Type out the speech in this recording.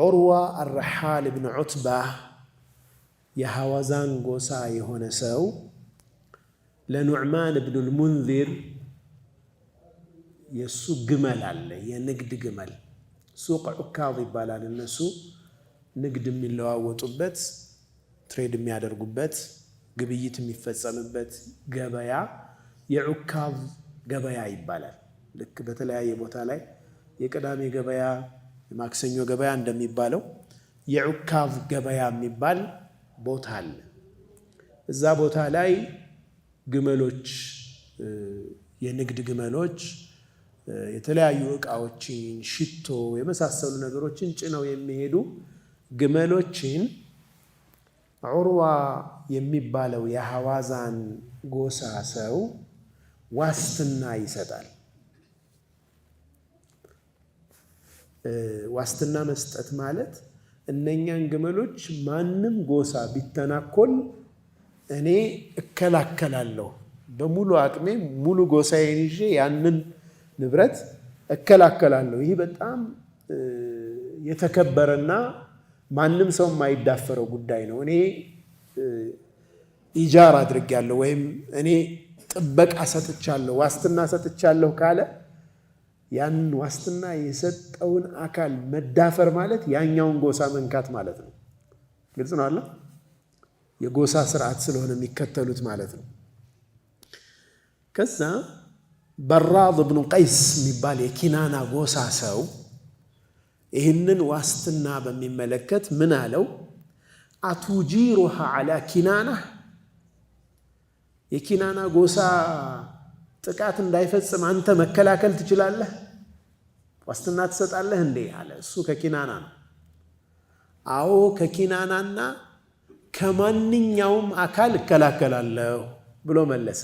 ዑርዋ አረሓል ብን ዑትባ የሐዋዛን ጎሳ የሆነ ሰው ለኑዕማን ብኑል ሙንዚር የእሱ ግመል አለ፣ የንግድ ግመል ሱቅ ዑካዝ ይባላል። እነሱ ንግድ የሚለዋወጡበት ትሬድ የሚያደርጉበት ግብይት የሚፈጸምበት ገበያ የዑካዝ ገበያ ይባላል። ልክ በተለያየ ቦታ ላይ የቅዳሜ ገበያ የማክሰኞ ገበያ እንደሚባለው የዑካቭ ገበያ የሚባል ቦታ አለ። እዛ ቦታ ላይ ግመሎች፣ የንግድ ግመሎች የተለያዩ እቃዎችን፣ ሽቶ የመሳሰሉ ነገሮችን ጭነው የሚሄዱ ግመሎችን ዑርዋ የሚባለው የሐዋዛን ጎሳ ሰው ዋስትና ይሰጣል። ዋስትና መስጠት ማለት እነኛን ግመሎች ማንም ጎሳ ቢተናኮል እኔ እከላከላለሁ፣ በሙሉ አቅሜ ሙሉ ጎሳዬን ይዤ ያንን ንብረት እከላከላለሁ። ይህ በጣም የተከበረና ማንም ሰው የማይዳፈረው ጉዳይ ነው። እኔ ኢጃር አድርጌያለሁ ወይም እኔ ጥበቃ ሰጥቻለሁ፣ ዋስትና ሰጥቻለሁ ካለ ያንን ዋስትና የሰጠውን አካል መዳፈር ማለት ያኛውን ጎሳ መንካት ማለት ነው። ግልጽ ነው አለ የጎሳ ስርዓት ስለሆነ የሚከተሉት ማለት ነው። ከዛ በራድ ብኑ ቀይስ የሚባል የኪናና ጎሳ ሰው ይህንን ዋስትና በሚመለከት ምን አለው? አቱጂሩሃ አላ ኪናና የኪናና ጎሳ ጥቃት እንዳይፈጽም አንተ መከላከል ትችላለህ? ዋስትና ትሰጣለህ እንዴ አለ። እሱ ከኪናና ነው። አዎ ከኪናናና ከማንኛውም አካል እከላከላለሁ ብሎ መለሰ።